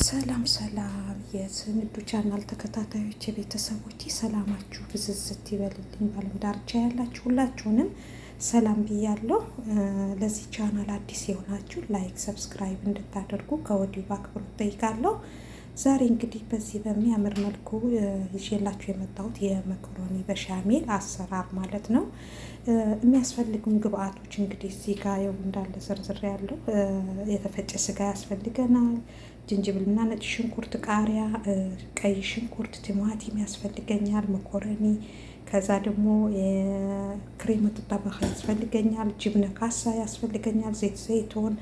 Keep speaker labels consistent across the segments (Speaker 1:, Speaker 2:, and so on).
Speaker 1: ሰላም ሰላም የስንዱ ቻናል ተከታታዮች የቤተሰቦች ሰላማችሁ ብዝዝት ይበልልኝ። ባለም ዳርቻ ያላችሁ ሁላችሁንም ሰላም ብያለሁ። ለዚህ ቻናል አዲስ የሆናችሁ ላይክ፣ ሰብስክራይብ እንድታደርጉ ከወዲሁ በአክብሮት ጠይቃለሁ። ዛሬ እንግዲህ በዚህ በሚያምር መልኩ ይዤላችሁ የመጣሁት የመኮረኒ በሻሜል አሰራር ማለት ነው። የሚያስፈልጉን ግብአቶች እንግዲህ እዚህ ጋ ያው እንዳለ ዝርዝር ያለው የተፈጨ ስጋ ያስፈልገናል። ጅንጅብልና ነጭ ሽንኩርት፣ ቃሪያ፣ ቀይ ሽንኩርት፣ ቲማቲም ያስፈልገኛል። መኮረኒ ከዛ ደግሞ የክሬም ጥጣባህ ያስፈልገኛል። ጅብነ ካሳ ያስፈልገኛል። ዘይት ዘይቶን፣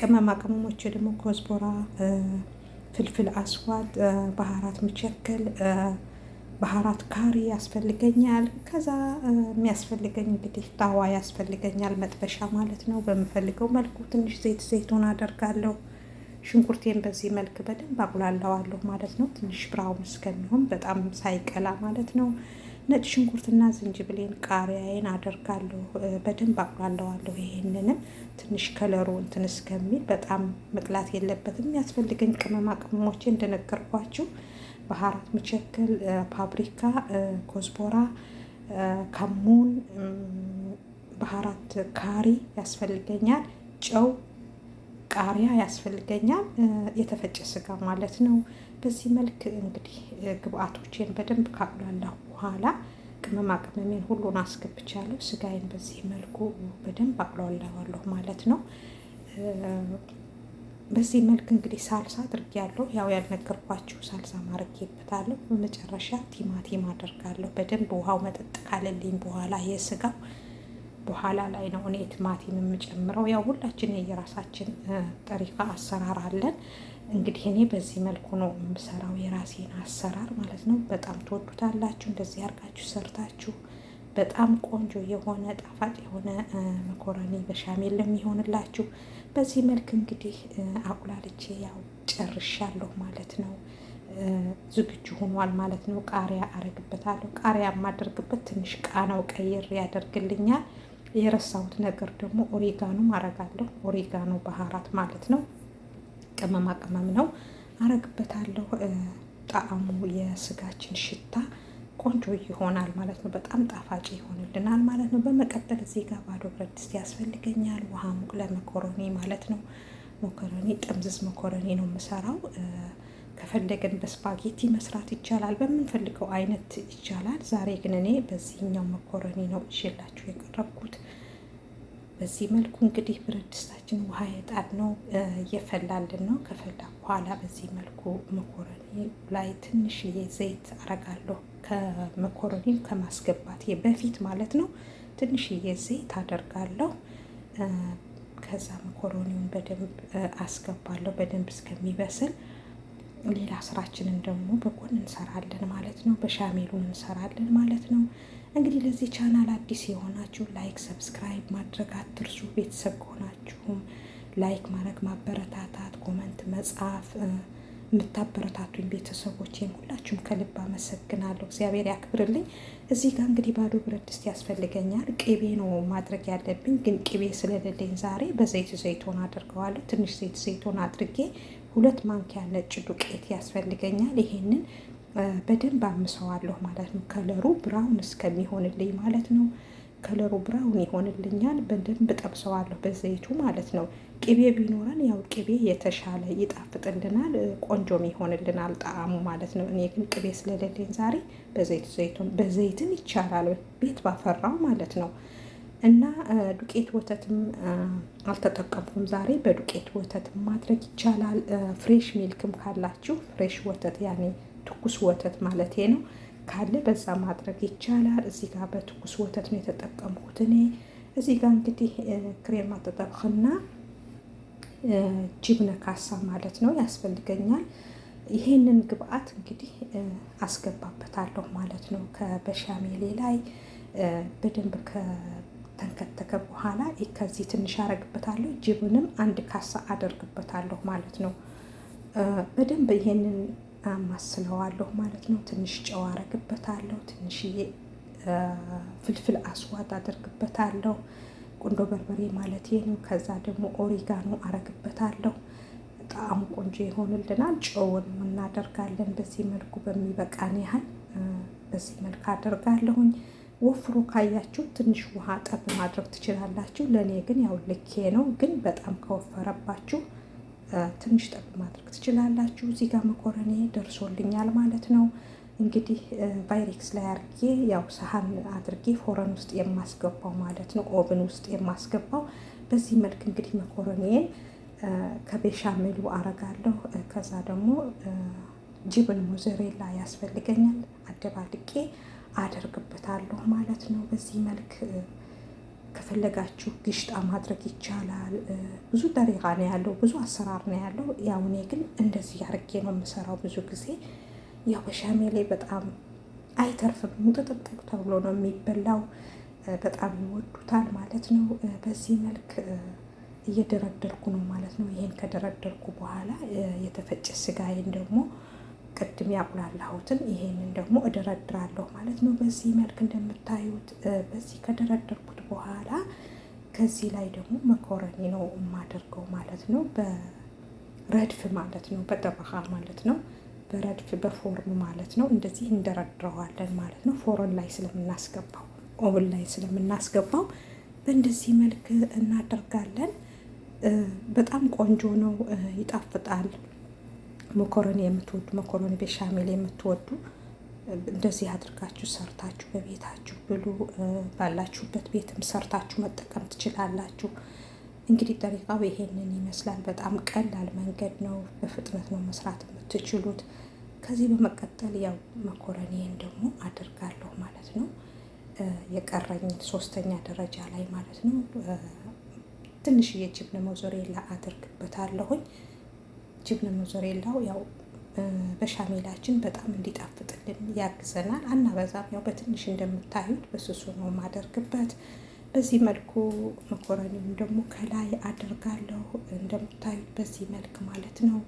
Speaker 1: ቅመማ ቅመሞች ደግሞ ኮዝቦራ ፍልፍል አስዋድ ባህራት መቸከል ባህራት ካሪ ያስፈልገኛል። ከዛ የሚያስፈልገኝ እንግዲህ ጣዋ ያስፈልገኛል፣ መጥበሻ ማለት ነው። በምፈልገው መልኩ ትንሽ ዘይት ዘይቱን አደርጋለሁ። ሽንኩርቴን በዚህ መልክ በደንብ አቁላላዋለሁ ማለት ነው። ትንሽ ብራውን እስከሚሆን በጣም ሳይቀላ ማለት ነው። ነጭ ሽንኩርትና ዝንጅብሌን ቃሪያዬን አደርጋለሁ። በደንብ አቁላለዋለሁ። ይሄንንም ትንሽ ከለሩ እንትን እስከሚል በጣም መቅላት የለበትም። የሚያስፈልገኝ ቅመማ ቅመሞቼ እንደነገርኳችሁ ባህራት ምቸክል፣ ፓፕሪካ፣ ኮዝቦራ፣ ካሙን፣ ባህራት ካሪ ያስፈልገኛል። ጨው፣ ቃሪያ ያስፈልገኛል። የተፈጨ ስጋ ማለት ነው። በዚህ መልክ እንግዲህ ግብአቶቼን በደንብ ካቁላለሁ በኋላ ቅመማ ቅመሜን ሁሉን አስገብቻለሁ። ስጋዬን በዚህ መልኩ በደንብ አቁላለዋለሁ ማለት ነው። በዚህ መልክ እንግዲህ ሳልሳ አድርጌያለሁ። ያው ያልነገርኳችሁ ሳልሳ ማድረጌበታለሁ። በመጨረሻ ቲማቲም አደርጋለሁ። በደንብ ውሃው መጠጥ ካለልኝ በኋላ የስጋው በኋላ ላይ ነው እኔ ቲማቲም የምጨምረው። ያው ሁላችን የየራሳችን ጠሪካ አሰራር አለን። እንግዲህ እኔ በዚህ መልኩ ነው የምሰራው የራሴን አሰራር ማለት ነው። በጣም ትወዱታላችሁ። እንደዚህ አድርጋችሁ ሰርታችሁ በጣም ቆንጆ የሆነ ጣፋጭ የሆነ መኮረኒ በሻሜል የሚሆንላችሁ። በዚህ መልክ እንግዲህ አቁላልቼ ያው ጨርሻለሁ ማለት ነው። ዝግጁ ሆኗል ማለት ነው። ቃሪያ አረግበታለሁ። ቃሪያ የማደርግበት ትንሽ ቃናው ቀይር ያደርግልኛል። የረሳሁት ነገር ደግሞ ኦሪጋኖ አረጋለሁ። ኦሪጋኖ ባህራት ማለት ነው። ቅመማ ቅመም ነው አረግበታለሁ። ጣዕሙ የስጋችን ሽታ ቆንጆ ይሆናል ማለት ነው። በጣም ጣፋጭ ይሆንልናል ማለት ነው። በመቀጠል እዚህ ጋር ባዶ ብረት ድስት ያስፈልገኛል። ውሃ ለመኮረኒ ማለት ነው። መኮረኒ ጥምዝዝ መኮረኒ ነው የምሰራው። ከፈለግን በስፓጌቲ መስራት ይቻላል፣ በምንፈልገው አይነት ይቻላል። ዛሬ ግን እኔ በዚህኛው መኮረኒ ነው ይዤላችሁ የቀረብኩት። በዚህ መልኩ እንግዲህ ብረት ድስታችን ውሃ የጣድ ነው እየፈላልን ነው። ከፈላ በኋላ በዚህ መልኩ መኮረኒ ላይ ትንሽዬ ዘይት አረጋለሁ። ከመኮረኒ ከማስገባት በፊት ማለት ነው። ትንሽዬ ዘይት አደርጋለሁ። ከዛ መኮረኒውን በደንብ አስገባለሁ፣ በደንብ እስከሚበስል ሌላ ስራችንን ደግሞ በጎን እንሰራለን ማለት ነው። በሻሜሉ እንሰራለን ማለት ነው። እንግዲህ ለዚህ ቻናል አዲስ የሆናችሁ ላይክ፣ ሰብስክራይብ ማድረግ አትርሱ። ቤተሰብ ከሆናችሁም ላይክ ማድረግ ማበረታታት፣ ኮመንት መጻፍ የምታበረታቱኝ ቤተሰቦች ሁላችሁም ከልብ አመሰግናለሁ። እግዚአብሔር ያክብርልኝ። እዚህ ጋር እንግዲህ ባዶ ብረት ድስት ያስፈልገኛል። ቅቤ ነው ማድረግ ያለብኝ፣ ግን ቅቤ ስለሌለኝ ዛሬ በዘይት ዘይቶን አድርገዋለሁ። ትንሽ ዘይት ዘይቶን አድርጌ ሁለት ማንኪያ ነጭ ዱቄት ያስፈልገኛል። ይሄንን በደንብ አምሰዋለሁ ማለት ነው። ከለሩ ብራውን እስከሚሆንልኝ ማለት ነው። ከለሩ ብራውን ይሆንልኛል። በደንብ ጠብሰዋለሁ በዘይቱ ማለት ነው። ቅቤ ቢኖረን ያው ቅቤ የተሻለ ይጣፍጥልናል፣ ቆንጆም ይሆንልናል ጣዕሙ ማለት ነው። እኔ ግን ቅቤ ስለሌለኝ ዛሬ በዘይት ዘይቱን በዘይትን ይቻላል ቤት ባፈራው ማለት ነው። እና ዱቄት ወተትም አልተጠቀምኩም ዛሬ። በዱቄት ወተት ማድረግ ይቻላል። ፍሬሽ ሚልክም ካላችሁ ፍሬሽ ወተት ያኔ ትኩስ ወተት ማለት ነው ካለ በዛ ማድረግ ይቻላል። እዚህ ጋር በትኩስ ወተት ነው የተጠቀምኩት እኔ። እዚህ ጋር እንግዲህ ክሬም አጠጠብክና ጅብነ ካሳ ማለት ነው ያስፈልገኛል። ይሄንን ግብአት እንግዲህ አስገባበታለሁ ማለት ነው ከበሻሜሌ ላይ በደንብ ከተንከተከ በኋላ ከዚህ ትንሽ አረግበታለሁ። ጅቡንም አንድ ካሳ አደርግበታለሁ ማለት ነው። በደንብ ይሄንን አማስለዋለሁ ማለት ነው። ትንሽ ጨው አረግበታለሁ። ትንሽዬ ፍልፍል አስዋት አደርግበታለሁ። ቁንዶ በርበሬ ማለት ነው። ከዛ ደግሞ ኦሪጋኖ አረግበታለሁ። ጣዕሙ ቆንጆ ይሆንልናል። ጨውን እናደርጋለን በዚህ መልኩ በሚበቃን ያህል በዚህ መልክ አደርጋለሁኝ። ወፍሮ ካያችሁ ትንሽ ውሃ ጠብ ማድረግ ትችላላችሁ። ለእኔ ግን ያው ልኬ ነው። ግን በጣም ከወፈረባችሁ ትንሽ ጠብ ማድረግ ትችላላችሁ። እዚህ ጋር መኮረኔ ደርሶልኛል ማለት ነው። እንግዲህ ቫይሬክስ ላይ አድርጌ ያው ሰሀን አድርጌ ፎረን ውስጥ የማስገባው ማለት ነው፣ ኦቭን ውስጥ የማስገባው በዚህ መልክ እንግዲህ መኮረኔን ከቤሻሜሉ አረጋለሁ። ከዛ ደግሞ ጅብን ሞዘሬላ ያስፈልገኛል አደባልቄ አደርግበታለሁ ማለት ነው። በዚህ መልክ ከፈለጋችሁ ግሽጣ ማድረግ ይቻላል። ብዙ ጠሪቃ ነው ያለው፣ ብዙ አሰራር ነው ያለው። ያው እኔ ግን እንደዚህ አድርጌ ነው የምሰራው። ብዙ ጊዜ ያው በሻሜሌ በጣም አይተርፍም፣ ሙጥጥጥቅ ተብሎ ነው የሚበላው። በጣም ይወዱታል ማለት ነው። በዚህ መልክ እየደረደርኩ ነው ማለት ነው። ይሄን ከደረደርኩ በኋላ የተፈጨ ስጋዬን ደግሞ ቅድም ያቁላላሁትን ይሄንን ደግሞ እደረድራለሁ ማለት ነው። በዚህ መልክ እንደምታዩት በዚህ ከደረደርኩት በኋላ ከዚህ ላይ ደግሞ መኮረኒ ነው የማደርገው ማለት ነው። በረድፍ ማለት ነው፣ በጠበቃ ማለት ነው፣ በረድፍ በፎርም ማለት ነው። እንደዚህ እንደረድረዋለን ማለት ነው። ፎርን ላይ ስለምናስገባው ኦብን ላይ ስለምናስገባው በእንደዚህ መልክ እናደርጋለን። በጣም ቆንጆ ነው፣ ይጣፍጣል። መኮረኒ የምትወዱ መኮረኒ ቤሻሜል የምትወዱ እንደዚህ አድርጋችሁ ሰርታችሁ በቤታችሁ ብሉ። ባላችሁበት ቤትም ሰርታችሁ መጠቀም ትችላላችሁ። እንግዲህ ጠሪቃው ይሄንን ይመስላል። በጣም ቀላል መንገድ ነው። በፍጥነት ነው መስራት የምትችሉት። ከዚህ በመቀጠል ያው መኮረኒን ደግሞ አድርጋለሁ ማለት ነው። የቀረኝን ሶስተኛ ደረጃ ላይ ማለት ነው። ትንሽ ጅብነ መዞሬ ላ አድርግበታለሁኝ እጅግ ነው ሞዞሬላው ያው በሻሜላችን በጣም እንዲጣፍጥልን ያግዘናል። አናበዛም። ያው በትንሽ እንደምታዩት በስሱ ነው የማደርግበት። በዚህ መልኩ መኮረኒውን ደግሞ ከላይ አደርጋለሁ እንደምታዩት በዚህ መልክ ማለት ነው።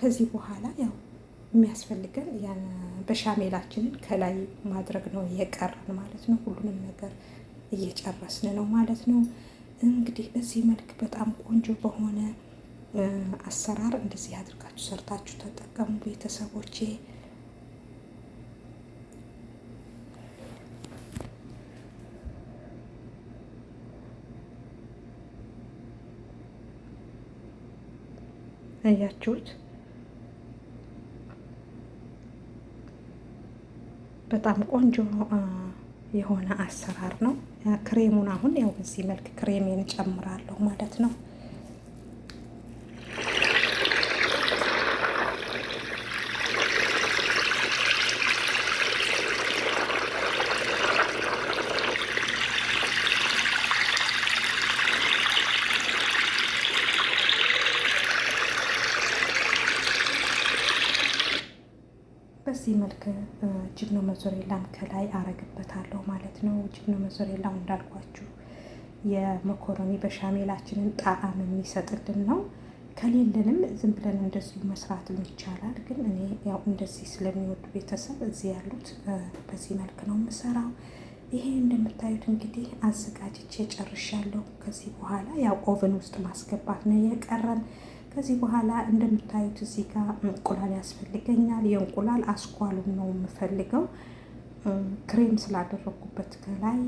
Speaker 1: ከዚህ በኋላ ያው የሚያስፈልገን በሻሜላችንን ከላይ ማድረግ ነው የቀረን ማለት ነው። ሁሉንም ነገር እየጨረስን ነው ማለት ነው። እንግዲህ በዚህ መልክ በጣም ቆንጆ በሆነ አሰራር እንደዚህ አድርጋችሁ ሰርታችሁ ተጠቀሙ ቤተሰቦቼ። አያችሁት? በጣም ቆንጆ የሆነ አሰራር ነው። ክሬሙን አሁን ያው በዚህ መልክ ክሬሜን ጨምራለሁ ማለት ነው። በዚህ መልክ ጅግኖ ሞዞሬላን ከላይ አረግበታለሁ ማለት ነው። ጅግኖ ሞዞሬላው እንዳልኳችሁ የመኮረኒ በሻሜላችንን ጣዕም የሚሰጥልን ነው። ከሌለንም ዝም ብለን እንደዚሁ መስራት ይቻላል። ግን እኔ ያው እንደዚህ ስለሚወዱ ቤተሰብ እዚህ ያሉት በዚህ መልክ ነው የምሰራው። ይሄ እንደምታዩት እንግዲህ አዘጋጅቼ ጨርሻለሁ። ከዚህ በኋላ ያው ኦቨን ውስጥ ማስገባት ነው የቀረን። ከዚህ በኋላ እንደምታዩት እዚህ ጋር እንቁላል ያስፈልገኛል። የእንቁላል አስኳሉን ነው የምፈልገው። ክሬም ስላደረግኩበት ከላይ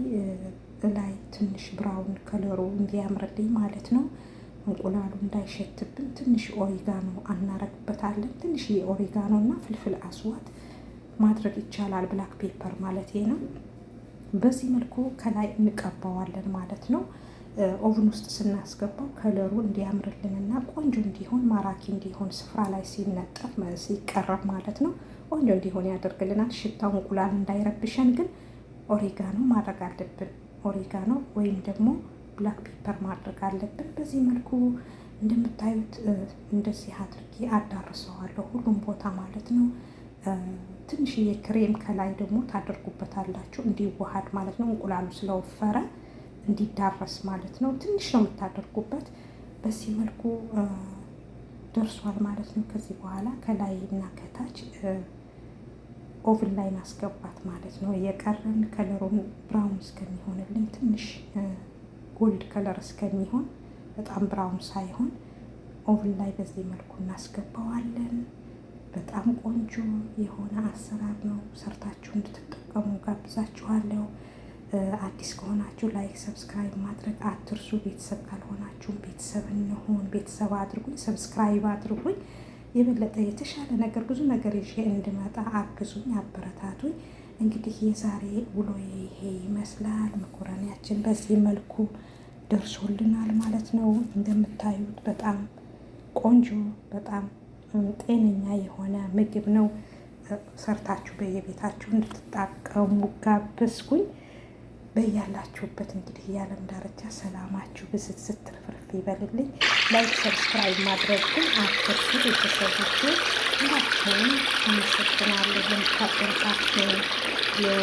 Speaker 1: ላይ ትንሽ ብራውን ከለሩ እንዲያምርልኝ ማለት ነው። እንቁላሉ እንዳይሸትብን ትንሽ ኦሪጋኖ አናረግበታለን። ትንሽ የኦሪጋኖ እና ፍልፍል አስዋት ማድረግ ይቻላል። ብላክ ፔፐር ማለት ነው። በዚህ መልኩ ከላይ እንቀባዋለን ማለት ነው። ኦቭን ውስጥ ስናስገባው ከለሩ እንዲያምርልንና ቆንጆ እንዲሆን ማራኪ እንዲሆን ስፍራ ላይ ሲነጠፍ ሲቀረብ ማለት ነው ቆንጆ እንዲሆን ያደርግልናል። ሽታው እንቁላል እንዳይረብሸን ግን ኦሪጋኖ ማድረግ አለብን። ኦሪጋኖ ወይም ደግሞ ብላክ ፔፐር ማድረግ አለብን። በዚህ መልኩ እንደምታዩት እንደዚህ አድርጌ አዳርሰዋለሁ ሁሉም ቦታ ማለት ነው። ትንሽዬ ክሬም ከላይ ደግሞ ታደርጉበታላችሁ እንዲዋሃድ ማለት ነው እንቁላሉ ስለወፈረ እንዲዳረስ ማለት ነው። ትንሽ ነው የምታደርጉበት። በዚህ መልኩ ደርሷል ማለት ነው። ከዚህ በኋላ ከላይ እና ከታች ኦቭን ላይ ማስገባት ማለት ነው። የቀረን ከለሩን ብራውን እስከሚሆንልን ትንሽ ጎልድ ከለር እስከሚሆን በጣም ብራውን ሳይሆን ኦቭን ላይ በዚህ መልኩ እናስገባዋለን። በጣም ቆንጆ የሆነ አሰራር ነው። ሰርታችሁ እንድትጠቀሙ ጋብዛችኋለሁ። አዲስ ከሆናችሁ ላይክ፣ ሰብስክራይብ ማድረግ አትርሱ። ቤተሰብ ካልሆናችሁም ቤተሰብ እንሆን፣ ቤተሰብ አድርጉኝ፣ ሰብስክራይብ አድርጉኝ። የበለጠ የተሻለ ነገር ብዙ ነገር ይዤ እንድመጣ አግዙኝ፣ አበረታቱኝ። እንግዲህ የዛሬ ውሎ ይሄ ይመስላል። መኮረኒያችን በዚህ መልኩ ደርሶልናል ማለት ነው። እንደምታዩት በጣም ቆንጆ በጣም ጤነኛ የሆነ ምግብ ነው። ሰርታችሁ በየቤታችሁ እንድትጠቀሙ ጋብዝኩኝ። በያላችሁበት እንግዲህ የዓለም ዳርቻ ሰላማችሁ ብዝት ስትርፍርፍ ይበልልኝ። ላይክ ሰብስክራይብ ማድረግ ግን አትርሱ። ቤተሰቦች ሁላችሁም አመሰግናለሁ። ለምታበረታቱኝ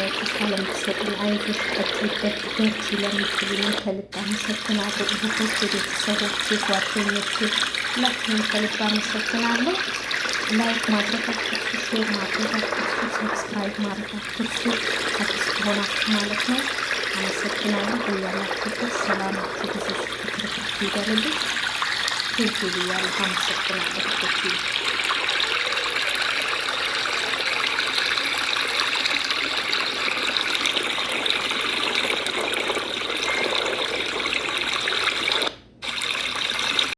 Speaker 1: የተሳለም ተሰጥን አይዞሽ ቀጥበት በርቺ ለምትሉኝ ከልብ አመሰግናለሁ። እህቶች፣ ቤተሰቦች፣ ጓደኞች ሁላችሁም ከልብ አመሰግናለሁ። ላይክ ማድረግ አትርሱ፣ ሼር ማድረግ አትርሱ፣ ሰብስክራይብ ማድረግ አትርሱ። አዲስ ከሆናችሁ ማለት ነው አመሰግናለሁ። በያላችሁበት ሰላማችሁ ብዙ ይደረልኝ። ብዙ ብያለሁ። አመሰግናለሁ።